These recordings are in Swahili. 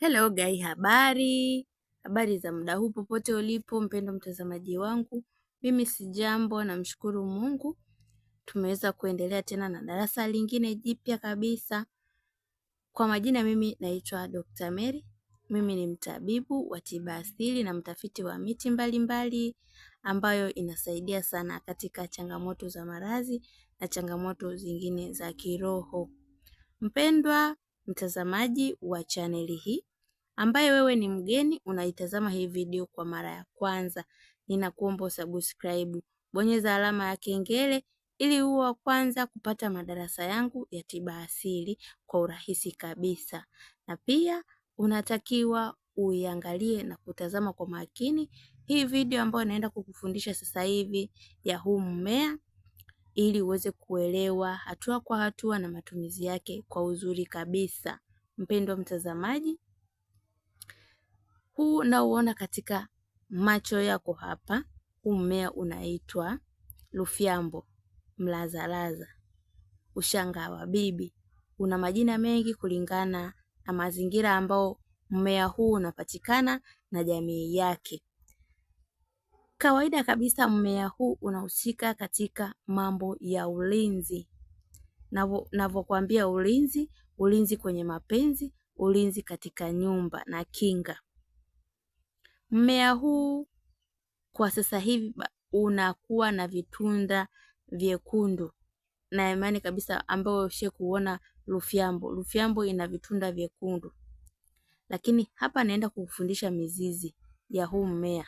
Hello guy, habari habari za muda huu popote ulipo mpendo mtazamaji wangu, mimi si jambo, namshukuru Mungu tumeweza kuendelea tena na darasa lingine jipya kabisa. Kwa majina, mimi naitwa Dr. Mary. Mimi ni mtabibu wa tiba asili na mtafiti wa miti mbalimbali mbali, ambayo inasaidia sana katika changamoto za maradhi na changamoto zingine za kiroho. Mpendwa mtazamaji wa chaneli hii ambaye wewe ni mgeni unaitazama hii video kwa mara ya kwanza, ninakuomba usubscribe, bonyeza alama ya kengele ili uwe wa kwanza kupata madarasa yangu ya tiba asili kwa urahisi kabisa. Na pia unatakiwa uiangalie na kutazama kwa makini hii video ambayo naenda kukufundisha sasa hivi ya huu mmea ili uweze kuelewa hatua kwa hatua na matumizi yake kwa uzuri kabisa. Mpendwa mtazamaji, huu unaouona katika macho yako hapa, huu mmea unaitwa lufyambo mlazalaza, ushanga wa bibi. Una majina mengi kulingana na mazingira ambao mmea huu unapatikana na jamii yake. Kawaida kabisa mmea huu unahusika katika mambo ya ulinzi. Navyokuambia ulinzi, ulinzi kwenye mapenzi, ulinzi katika nyumba na kinga. Mmea huu kwa sasa hivi unakuwa na vitunda vyekundu na imani kabisa ambayo ushawahi kuona lufyambo. Lufyambo ina vitunda vyekundu. Lakini hapa naenda kufundisha mizizi ya huu mmea.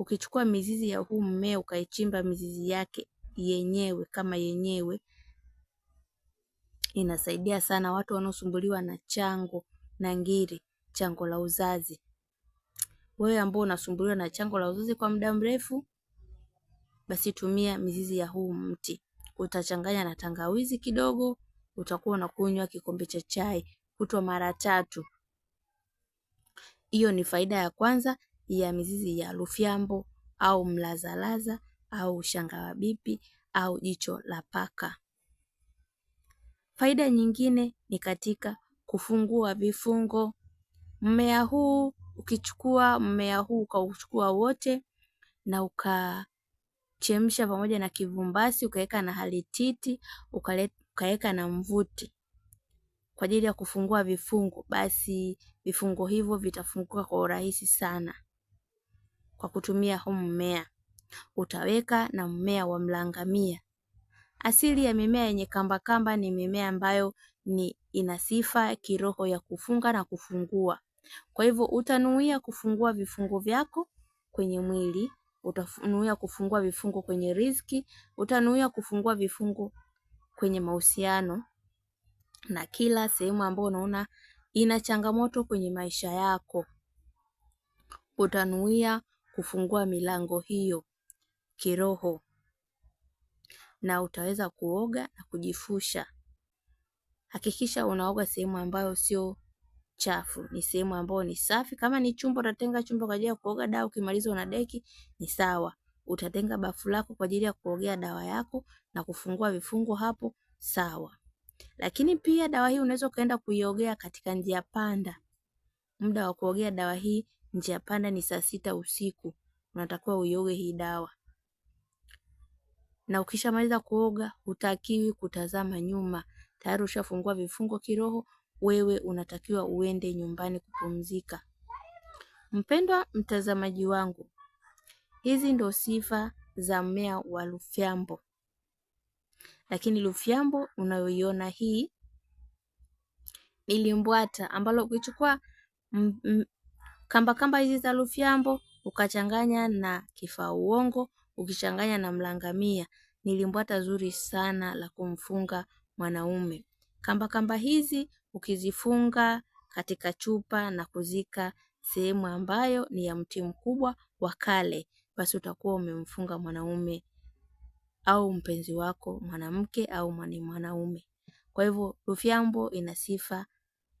Ukichukua mizizi ya huu mmea ukaichimba mizizi yake yenyewe kama yenyewe, inasaidia sana watu wanaosumbuliwa na chango na ngiri, chango la uzazi. Wewe ambao unasumbuliwa na chango la uzazi kwa muda mrefu, basi tumia mizizi ya huu mti, utachanganya na tangawizi kidogo, utakuwa unakunywa kikombe cha chai kutwa mara tatu. Hiyo ni faida ya kwanza ya mizizi ya lufyambo au mlazalaza au ushanga wa bipi au jicho la paka. Faida nyingine ni katika kufungua vifungo. Mmea huu ukichukua mmea huu ukauchukua wote na ukachemsha pamoja na kivumbasi, ukaweka na halititi, ukaweka na mvuti kwa ajili ya kufungua vifungo, basi vifungo hivyo vitafunguka kwa urahisi sana kwa kutumia huu mmea. Utaweka na mmea wa mlangamia. Asili ya mimea yenye kambakamba ni mimea ambayo ni ina sifa kiroho ya kufunga na kufungua. Kwa hivyo utanuia kufungua vifungo vyako kwenye mwili, utanuia kufungua vifungo kwenye riziki, utanuia kufungua vifungo kwenye mahusiano na kila sehemu ambayo unaona ina changamoto kwenye maisha yako utanuia kufungua milango hiyo kiroho na utaweza kuoga na kujifusha. Hakikisha unaoga sehemu ambayo sio chafu, ni sehemu ambayo ni safi. Kama ni chumba, utatenga chumba kwa ajili ya kuoga dawa, ukimaliza una deki ni sawa. Utatenga bafu lako kwa ajili ya kuogea dawa yako na kufungua vifungo hapo, sawa. Lakini pia dawa hii unaweza ukaenda kuiogea katika njia panda. Muda wa kuogea dawa hii Njia panda ni saa sita usiku. Unatakiwa uioge hii dawa. Na ukishamaliza kuoga, hutakiwi kutazama nyuma. Tayari ushafungua vifungo kiroho, wewe unatakiwa uende nyumbani kupumzika. Mpendwa mtazamaji wangu, hizi ndo sifa za mmea wa lufyambo. Lakini lufyambo unayoiona hii ni limbwata ambalo ukichukua Kambakamba hizi za Lufyambo ukachanganya na kifaa uongo ukichanganya na mlangamia ni limbwata zuri sana la kumfunga mwanaume. Kambakamba hizi ukizifunga katika chupa na kuzika sehemu ambayo ni ya mti mkubwa wa kale, basi utakuwa umemfunga mwanaume au mpenzi wako mwanamke au mwanaume. Kwa hivyo Lufyambo ina sifa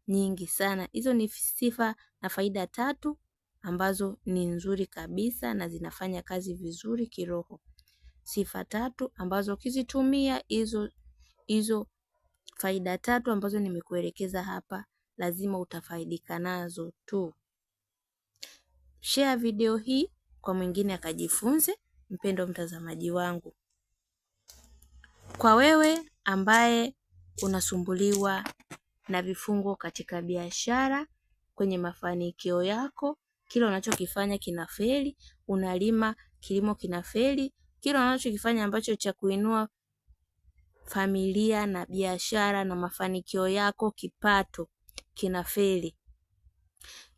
nyingi sana. Hizo ni sifa na faida tatu ambazo ni nzuri kabisa na zinafanya kazi vizuri kiroho. Sifa tatu ambazo ukizitumia hizo hizo faida tatu ambazo nimekuelekeza hapa lazima utafaidika nazo tu. Share video hii kwa mwingine akajifunze, mpendo mtazamaji wangu. Kwa wewe ambaye unasumbuliwa na vifungo katika biashara, kwenye mafanikio yako. Kile unachokifanya kinafeli, unalima kilimo kinafeli, kile unachokifanya ambacho cha kuinua familia na biashara na mafanikio yako kipato kinafeli.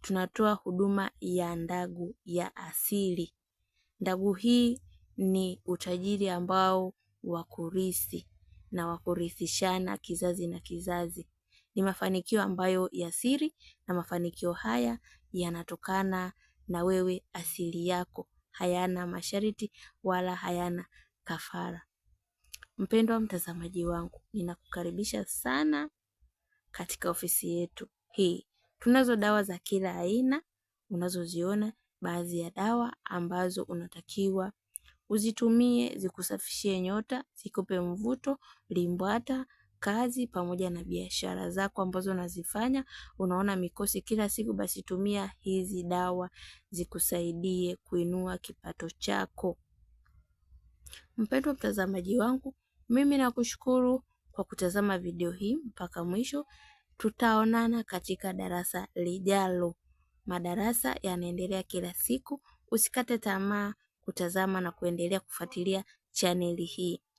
Tunatoa huduma ya ndagu ya asili. Ndagu hii ni utajiri ambao wa na wa kizazi na kizazi. Ni mafanikio ambayo ya siri na mafanikio haya yanatokana na wewe asili yako. Hayana masharti wala hayana kafara. Mpendwa mtazamaji wangu, ninakukaribisha sana katika ofisi yetu hii. Tunazo dawa za kila aina, unazoziona baadhi ya dawa ambazo unatakiwa uzitumie zikusafishie nyota, zikupe mvuto, limbwata kazi pamoja na biashara zako ambazo unazifanya, unaona mikosi kila siku, basi tumia hizi dawa zikusaidie kuinua kipato chako. Mpendwa mtazamaji wangu, mimi nakushukuru kwa kutazama video hii mpaka mwisho. Tutaonana katika darasa lijalo. Madarasa yanaendelea kila siku. Usikate tamaa kutazama na kuendelea kufuatilia chaneli hii.